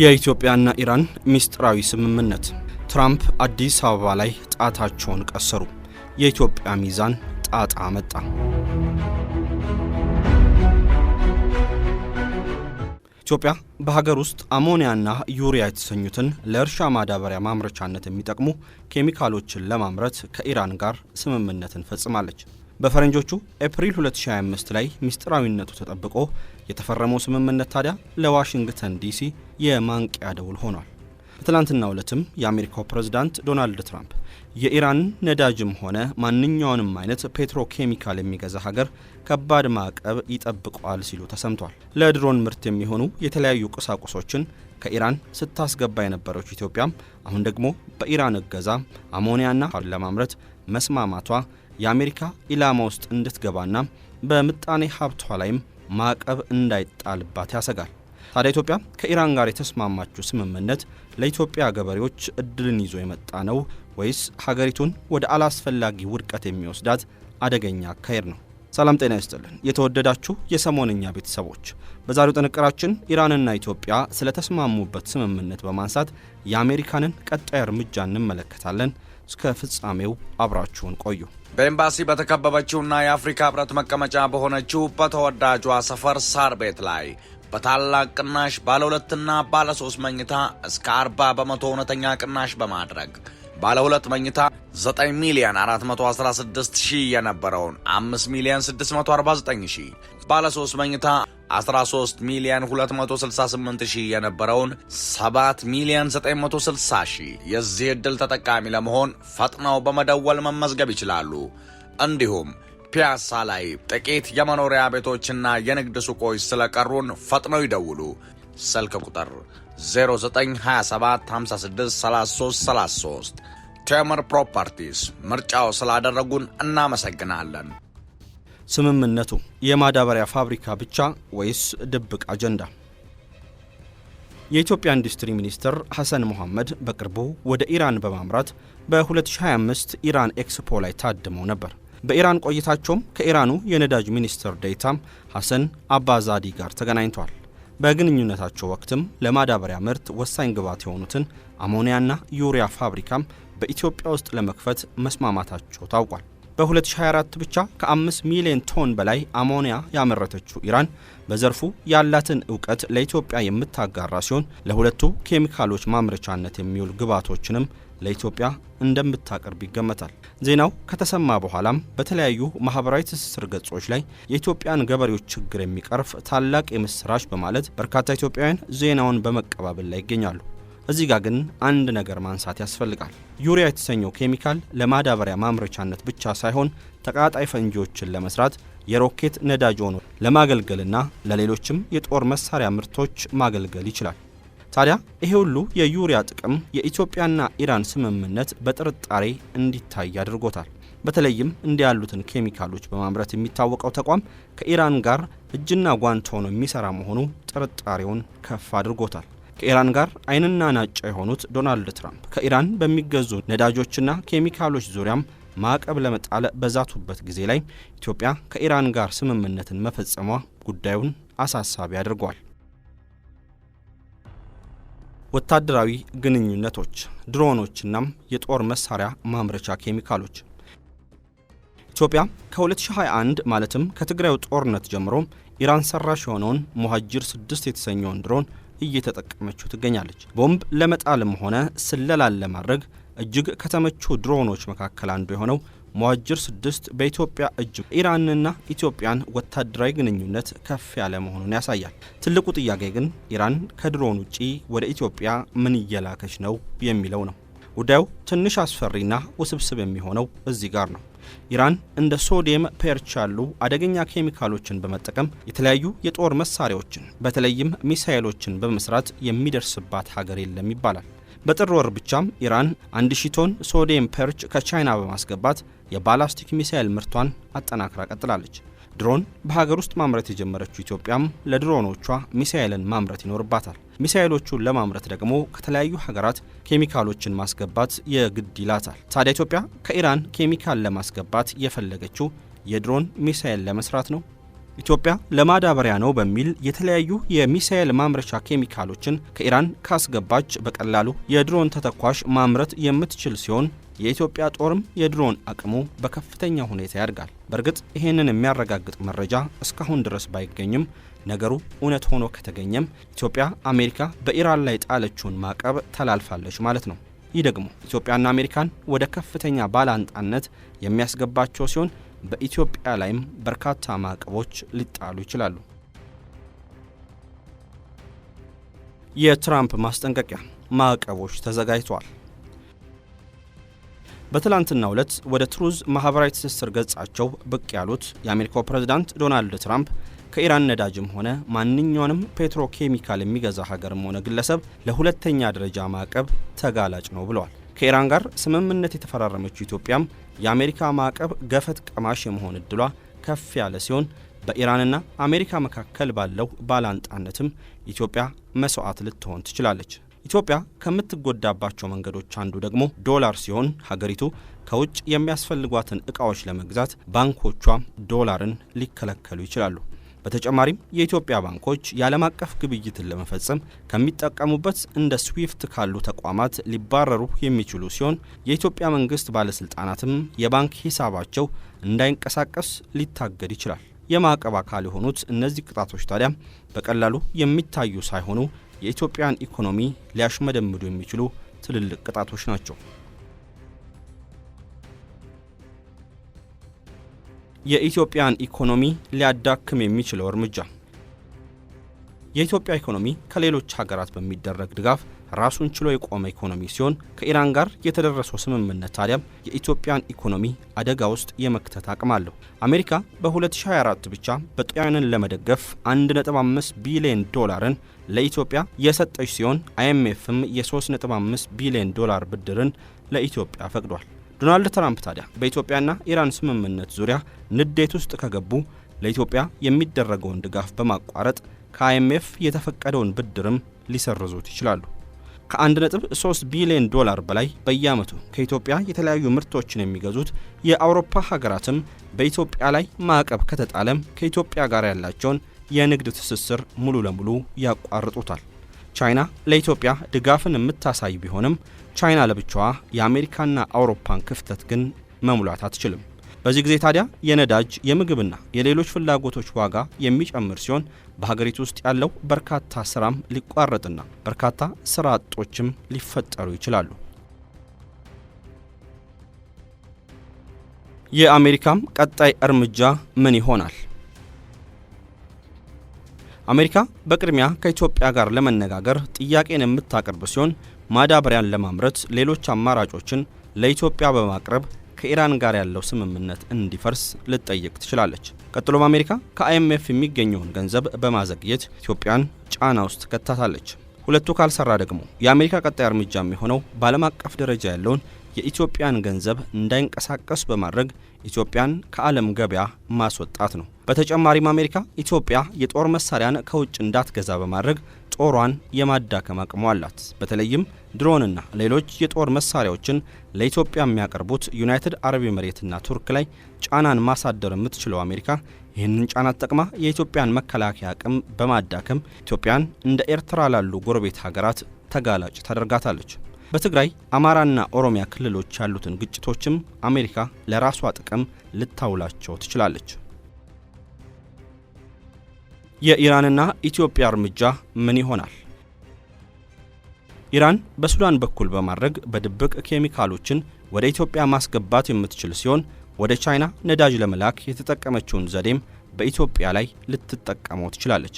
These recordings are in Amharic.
የኢትዮጵያና ኢራን ሚስጥራዊ ስምምነት። ትራምፕ አዲስ አበባ ላይ ጣታቸውን ቀሰሩ። የኢትዮጵያ ሚዛን ጣጣ መጣ። ኢትዮጵያ በሀገር ውስጥ አሞኒያና ዩሪያ የተሰኙትን ለእርሻ ማዳበሪያ ማምረቻነት የሚጠቅሙ ኬሚካሎችን ለማምረት ከኢራን ጋር ስምምነትን ፈጽማለች። በፈረንጆቹ ኤፕሪል 2025 ላይ ምስጢራዊነቱ ተጠብቆ የተፈረመው ስምምነት ታዲያ ለዋሽንግተን ዲሲ የማንቂያ ደውል ሆኗል። በትላንትናው ዕለትም የአሜሪካው ፕሬዝዳንት ዶናልድ ትራምፕ የኢራን ነዳጅም ሆነ ማንኛውንም አይነት ፔትሮ ኬሚካል የሚገዛ ሀገር ከባድ ማዕቀብ ይጠብቋል ሲሉ ተሰምቷል። ለድሮን ምርት የሚሆኑ የተለያዩ ቁሳቁሶችን ከኢራን ስታስገባ የነበረች ኢትዮጵያም አሁን ደግሞ በኢራን እገዛ አሞኒያና ለማምረት መስማማቷ የአሜሪካ ኢላማ ውስጥ እንድትገባና በምጣኔ ሀብቷ ላይም ማዕቀብ እንዳይጣልባት ያሰጋል። ታዲያ ኢትዮጵያ ከኢራን ጋር የተስማማችው ስምምነት ለኢትዮጵያ ገበሬዎች እድልን ይዞ የመጣ ነው ወይስ ሀገሪቱን ወደ አላስፈላጊ ውድቀት የሚወስዳት አደገኛ አካሄድ ነው? ሰላም ጤና ይስጥልን። የተወደዳችሁ የሰሞንኛ ቤተሰቦች፣ በዛሬው ጥንቅራችን ኢራንና ኢትዮጵያ ስለተስማሙበት ስምምነት በማንሳት የአሜሪካንን ቀጣይ እርምጃ እንመለከታለን። እስከ ፍጻሜው አብራችሁን ቆዩ። በኤምባሲ በተከበበችውና የአፍሪካ ህብረት መቀመጫ በሆነችው በተወዳጇ ሰፈር ሳር ቤት ላይ በታላቅ ቅናሽ ባለ ሁለትና ባለ ሶስት መኝታ እስከ 40 በመቶ እውነተኛ ቅናሽ በማድረግ ባለ ሁለት መኝታ 9 ሚሊዮን 416 ሺህ የነበረውን 5 ሚሊዮን 649 ሺህ ባለ ሶስት መኝታ 13 ሚሊዮን 268 ሺህ የነበረውን 7 ሚሊዮን 960 ሺህ የዚህ ዕድል ተጠቃሚ ለመሆን ፈጥነው በመደወል መመዝገብ ይችላሉ። እንዲሁም ፒያሳ ላይ ጥቂት የመኖሪያ ቤቶችና የንግድ ሱቆች ስለቀሩን ፈጥነው ይደውሉ። ስልክ ቁጥር 0927 ቴመር ቴምር ፕሮፐርቲስ ምርጫው ስላደረጉን እናመሰግናለን። ስምምነቱ የማዳበሪያ ፋብሪካ ብቻ ወይስ ድብቅ አጀንዳ? የኢትዮጵያ ኢንዱስትሪ ሚኒስትር ሐሰን መሐመድ በቅርቡ ወደ ኢራን በማምራት በ2025 ኢራን ኤክስፖ ላይ ታድመው ነበር። በኢራን ቆይታቸውም ከኢራኑ የነዳጅ ሚኒስትር ዴኤታም ሐሰን አባዛዲ ጋር ተገናኝተዋል። በግንኙነታቸው ወቅትም ለማዳበሪያ ምርት ወሳኝ ግብዓት የሆኑትን አሞኒያና ዩሪያ ፋብሪካም በኢትዮጵያ ውስጥ ለመክፈት መስማማታቸው ታውቋል። በ2024 ብቻ ከ5 ሚሊዮን ቶን በላይ አሞኒያ ያመረተችው ኢራን በዘርፉ ያላትን እውቀት ለኢትዮጵያ የምታጋራ ሲሆን ለሁለቱ ኬሚካሎች ማምረቻነት የሚውል ግብዓቶችንም ለኢትዮጵያ እንደምታቀርብ ይገመታል። ዜናው ከተሰማ በኋላም በተለያዩ ማህበራዊ ትስስር ገጾች ላይ የኢትዮጵያን ገበሬዎች ችግር የሚቀርፍ ታላቅ የምስራች በማለት በርካታ ኢትዮጵያውያን ዜናውን በመቀባበል ላይ ይገኛሉ። እዚህ ጋር ግን አንድ ነገር ማንሳት ያስፈልጋል። ዩሪያ የተሰኘው ኬሚካል ለማዳበሪያ ማምረቻነት ብቻ ሳይሆን ተቃጣይ ፈንጂዎችን ለመስራት የሮኬት ነዳጅ ሆኖ ለማገልገልና ለሌሎችም የጦር መሳሪያ ምርቶች ማገልገል ይችላል። ታዲያ ይሄ ሁሉ የዩሪያ ጥቅም የኢትዮጵያና ኢራን ስምምነት በጥርጣሬ እንዲታይ አድርጎታል። በተለይም እንዲህ ያሉትን ኬሚካሎች በማምረት የሚታወቀው ተቋም ከኢራን ጋር እጅና ጓንት ሆኖ የሚሰራ መሆኑ ጥርጣሬውን ከፍ አድርጎታል። ከኢራን ጋር አይንና ናጫ የሆኑት ዶናልድ ትራምፕ ከኢራን በሚገዙ ነዳጆችና ኬሚካሎች ዙሪያም ማዕቀብ ለመጣል በዛቱበት ጊዜ ላይ ኢትዮጵያ ከኢራን ጋር ስምምነትን መፈጸሟ ጉዳዩን አሳሳቢ አድርጓል። ወታደራዊ ግንኙነቶች፣ ድሮኖችናም የጦር መሳሪያ ማምረቻ ኬሚካሎች ኢትዮጵያ ከ2021 ማለትም ከትግራዩ ጦርነት ጀምሮ ኢራን ሰራሽ የሆነውን ሞሃጅር ስድስት የተሰኘውን ድሮን እየተጠቀመችው ትገኛለች። ቦምብ ለመጣልም ሆነ ስለላን ለማድረግ እጅግ ከተመቹ ድሮኖች መካከል አንዱ የሆነው መዋጅር ስድስት በኢትዮጵያ እጅ ኢራንና ኢትዮጵያን ወታደራዊ ግንኙነት ከፍ ያለ መሆኑን ያሳያል። ትልቁ ጥያቄ ግን ኢራን ከድሮን ውጪ ወደ ኢትዮጵያ ምን እየላከች ነው የሚለው ነው። ጉዳዩ ትንሽ አስፈሪና ውስብስብ የሚሆነው እዚህ ጋር ነው። ኢራን እንደ ሶዲየም ፐርች ያሉ አደገኛ ኬሚካሎችን በመጠቀም የተለያዩ የጦር መሳሪያዎችን በተለይም ሚሳይሎችን በመስራት የሚደርስባት ሀገር የለም ይባላል። በጥር ወር ብቻም ኢራን 1000 ቶን ሶዲየም ፐርች ከቻይና በማስገባት የባላስቲክ ሚሳይል ምርቷን አጠናክራ ቀጥላለች። ድሮን በሀገር ውስጥ ማምረት የጀመረችው ኢትዮጵያም ለድሮኖቿ ሚሳኤልን ማምረት ይኖርባታል። ሚሳኤሎቹን ለማምረት ደግሞ ከተለያዩ ሀገራት ኬሚካሎችን ማስገባት የግድ ይላታል። ታዲያ ኢትዮጵያ ከኢራን ኬሚካል ለማስገባት የፈለገችው የድሮን ሚሳኤል ለመስራት ነው። ኢትዮጵያ ለማዳበሪያ ነው በሚል የተለያዩ የሚሳኤል ማምረቻ ኬሚካሎችን ከኢራን ካስገባች በቀላሉ የድሮን ተተኳሽ ማምረት የምትችል ሲሆን የኢትዮጵያ ጦርም የድሮን አቅሙ በከፍተኛ ሁኔታ ያድጋል። በእርግጥ ይህንን የሚያረጋግጥ መረጃ እስካሁን ድረስ ባይገኝም ነገሩ እውነት ሆኖ ከተገኘም ኢትዮጵያ አሜሪካ በኢራን ላይ ጣለችውን ማዕቀብ ተላልፋለች ማለት ነው። ይህ ደግሞ ኢትዮጵያና አሜሪካን ወደ ከፍተኛ ባላንጣነት የሚያስገባቸው ሲሆን በኢትዮጵያ ላይም በርካታ ማዕቀቦች ሊጣሉ ይችላሉ። የትራምፕ ማስጠንቀቂያ ማዕቀቦች ተዘጋጅተዋል። በትላንትናው ዕለት ወደ ትሩዝ ማኅበራዊ ትስስር ገጻቸው ብቅ ያሉት የአሜሪካው ፕሬዝዳንት ዶናልድ ትራምፕ ከኢራን ነዳጅም ሆነ ማንኛውንም ፔትሮ ኬሚካል የሚገዛ ሀገርም ሆነ ግለሰብ ለሁለተኛ ደረጃ ማዕቀብ ተጋላጭ ነው ብለዋል። ከኢራን ጋር ስምምነት የተፈራረመችው ኢትዮጵያም የአሜሪካ ማዕቀብ ገፈት ቀማሽ የመሆን እድሏ ከፍ ያለ ሲሆን በኢራንና አሜሪካ መካከል ባለው ባላንጣነትም ኢትዮጵያ መስዋዕት ልትሆን ትችላለች። ኢትዮጵያ ከምትጎዳባቸው መንገዶች አንዱ ደግሞ ዶላር ሲሆን ሀገሪቱ ከውጭ የሚያስፈልጓትን እቃዎች ለመግዛት ባንኮቿ ዶላርን ሊከለከሉ ይችላሉ። በተጨማሪም የኢትዮጵያ ባንኮች የዓለም አቀፍ ግብይትን ለመፈጸም ከሚጠቀሙበት እንደ ስዊፍት ካሉ ተቋማት ሊባረሩ የሚችሉ ሲሆን የኢትዮጵያ መንግስት ባለስልጣናትም የባንክ ሂሳባቸው እንዳይንቀሳቀስ ሊታገድ ይችላል። የማዕቀብ አካል የሆኑት እነዚህ ቅጣቶች ታዲያ በቀላሉ የሚታዩ ሳይሆኑ የኢትዮጵያን ኢኮኖሚ ሊያሽመደምዱ የሚችሉ ትልልቅ ቅጣቶች ናቸው። የኢትዮጵያን ኢኮኖሚ ሊያዳክም የሚችለው እርምጃ የኢትዮጵያ ኢኮኖሚ ከሌሎች ሀገራት በሚደረግ ድጋፍ ራሱን ችሎ የቆመ ኢኮኖሚ ሲሆን ከኢራን ጋር የተደረሰው ስምምነት ታዲያም የኢትዮጵያን ኢኮኖሚ አደጋ ውስጥ የመክተት አቅም አለው። አሜሪካ በ2024 ብቻ በጣሊያንን ለመደገፍ 1.5 ቢሊዮን ዶላርን ለኢትዮጵያ የሰጠች ሲሆን አይኤምኤፍም የ3.5 ቢሊዮን ዶላር ብድርን ለኢትዮጵያ ፈቅዷል። ዶናልድ ትራምፕ ታዲያ በኢትዮጵያና ኢራን ስምምነት ዙሪያ ንዴት ውስጥ ከገቡ ለኢትዮጵያ የሚደረገውን ድጋፍ በማቋረጥ ከአይኤምኤፍ የተፈቀደውን ብድርም ሊሰርዙት ይችላሉ። ከ1.3 ቢሊዮን ዶላር በላይ በየዓመቱ ከኢትዮጵያ የተለያዩ ምርቶችን የሚገዙት የአውሮፓ ሀገራትም በኢትዮጵያ ላይ ማዕቀብ ከተጣለም ከኢትዮጵያ ጋር ያላቸውን የንግድ ትስስር ሙሉ ለሙሉ ያቋርጡታል። ቻይና ለኢትዮጵያ ድጋፍን የምታሳይ ቢሆንም ቻይና ለብቻዋ የአሜሪካና አውሮፓን ክፍተት ግን መሙላት አትችልም። በዚህ ጊዜ ታዲያ የነዳጅ የምግብና የሌሎች ፍላጎቶች ዋጋ የሚጨምር ሲሆን በሀገሪቱ ውስጥ ያለው በርካታ ስራም ሊቋረጥና በርካታ ስራ አጦችም ሊፈጠሩ ይችላሉ። የአሜሪካም ቀጣይ እርምጃ ምን ይሆናል? አሜሪካ በቅድሚያ ከኢትዮጵያ ጋር ለመነጋገር ጥያቄን የምታቀርብ ሲሆን ማዳበሪያን ለማምረት ሌሎች አማራጮችን ለኢትዮጵያ በማቅረብ ከኢራን ጋር ያለው ስምምነት እንዲፈርስ ልትጠይቅ ትችላለች። ቀጥሎም አሜሪካ ከአይኤምኤፍ የሚገኘውን ገንዘብ በማዘግየት ኢትዮጵያን ጫና ውስጥ ከታታለች። ሁለቱ ካልሰራ ደግሞ የአሜሪካ ቀጣይ እርምጃ የሚሆነው በዓለም አቀፍ ደረጃ ያለውን የኢትዮጵያን ገንዘብ እንዳይንቀሳቀስ በማድረግ ኢትዮጵያን ከዓለም ገበያ ማስወጣት ነው። በተጨማሪም አሜሪካ ኢትዮጵያ የጦር መሳሪያን ከውጭ እንዳትገዛ በማድረግ ጦሯን የማዳከም አቅሟ አላት። በተለይም ድሮንና ሌሎች የጦር መሳሪያዎችን ለኢትዮጵያ የሚያቀርቡት ዩናይትድ አረብ ኤምሬትና ቱርክ ላይ ጫናን ማሳደር የምትችለው አሜሪካ ይህንን ጫና ተጠቅማ የኢትዮጵያን መከላከያ አቅም በማዳከም ኢትዮጵያን እንደ ኤርትራ ላሉ ጎረቤት ሀገራት ተጋላጭ ታደርጋታለች። በትግራይ አማራና ኦሮሚያ ክልሎች ያሉትን ግጭቶችም አሜሪካ ለራሷ ጥቅም ልታውላቸው ትችላለች። የኢራንና ኢትዮጵያ እርምጃ ምን ይሆናል? ኢራን በሱዳን በኩል በማድረግ በድብቅ ኬሚካሎችን ወደ ኢትዮጵያ ማስገባት የምትችል ሲሆን ወደ ቻይና ነዳጅ ለመላክ የተጠቀመችውን ዘዴም በኢትዮጵያ ላይ ልትጠቀመው ትችላለች።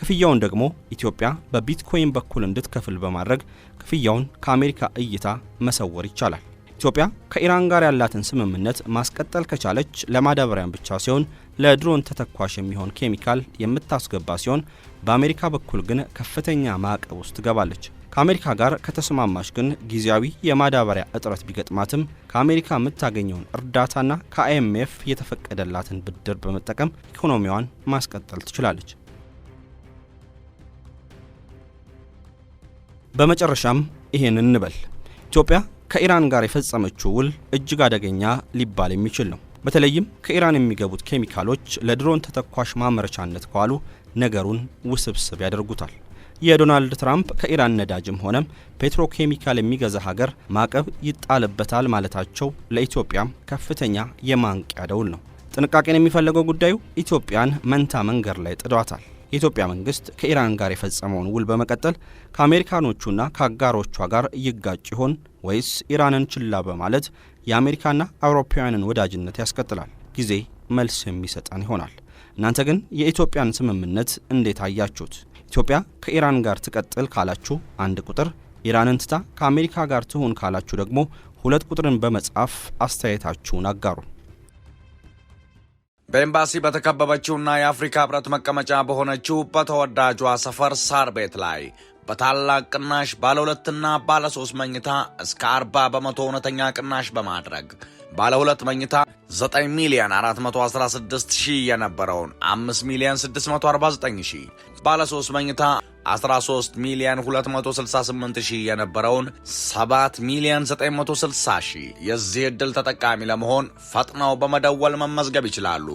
ክፍያውን ደግሞ ኢትዮጵያ በቢትኮይን በኩል እንድትከፍል በማድረግ ክፍያውን ከአሜሪካ እይታ መሰወር ይቻላል። ኢትዮጵያ ከኢራን ጋር ያላትን ስምምነት ማስቀጠል ከቻለች ለማዳበሪያም ብቻ ሲሆን ለድሮን ተተኳሽ የሚሆን ኬሚካል የምታስገባ ሲሆን በአሜሪካ በኩል ግን ከፍተኛ ማዕቀብ ውስጥ ትገባለች። ከአሜሪካ ጋር ከተስማማች ግን ጊዜያዊ የማዳበሪያ እጥረት ቢገጥማትም ከአሜሪካ የምታገኘውን እርዳታና ከአይኤምኤፍ የተፈቀደላትን ብድር በመጠቀም ኢኮኖሚዋን ማስቀጠል ትችላለች። በመጨረሻም ይህን እንበል፣ ኢትዮጵያ ከኢራን ጋር የፈጸመችው ውል እጅግ አደገኛ ሊባል የሚችል ነው። በተለይም ከኢራን የሚገቡት ኬሚካሎች ለድሮን ተተኳሽ ማመረቻነት ከዋሉ ነገሩን ውስብስብ ያደርጉታል። የዶናልድ ትራምፕ ከኢራን ነዳጅም ሆነም ፔትሮኬሚካል የሚገዛ ሀገር ማዕቀብ ይጣልበታል ማለታቸው ለኢትዮጵያም ከፍተኛ የማንቂያ ደውል ነው። ጥንቃቄን የሚፈለገው ጉዳዩ ኢትዮጵያን መንታ መንገድ ላይ ጥዷታል። የኢትዮጵያ መንግስት ከኢራን ጋር የፈጸመውን ውል በመቀጠል ከአሜሪካኖቹና ከአጋሮቿ ጋር ይጋጭ ይሆን ወይስ ኢራንን ችላ በማለት የአሜሪካና አውሮፓውያንን ወዳጅነት ያስቀጥላል። ጊዜ መልስ የሚሰጠን ይሆናል። እናንተ ግን የኢትዮጵያን ስምምነት እንዴት አያችሁት? ኢትዮጵያ ከኢራን ጋር ትቀጥል ካላችሁ አንድ ቁጥር፣ ኢራንን ትታ ከአሜሪካ ጋር ትሁን ካላችሁ ደግሞ ሁለት ቁጥርን በመጻፍ አስተያየታችሁን አጋሩ። በኤምባሲ በተከበበችውና የአፍሪካ ህብረት መቀመጫ በሆነችው በተወዳጇ ሰፈር ሳር ቤት ላይ በታላቅ ቅናሽ ባለ ሁለትና ባለ ሶስት መኝታ እስከ 40 በመቶ እውነተኛ ቅናሽ በማድረግ ባለ ሁለት መኝታ 9 ሚሊዮን 416 ሺህ የነበረውን 5 ሚሊዮን 649 ሺህ፣ ባለ 3 መኝታ 13 ሚሊዮን 268 ሺህ የነበረውን 7 ሚሊዮን 960 ሺህ። የዚህ ዕድል ተጠቃሚ ለመሆን ፈጥነው በመደወል መመዝገብ ይችላሉ።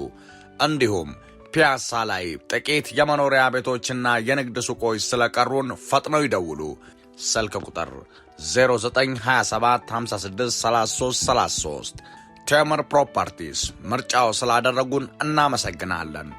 እንዲሁም ፒያሳ ላይ ጥቂት የመኖሪያ ቤቶችና የንግድ ሱቆች ስለቀሩን ፈጥነው ይደውሉ። ስልክ ቁጥር 0927563333 ቴምር ፕሮፐርቲስ ምርጫው ስላደረጉን እናመሰግናለን።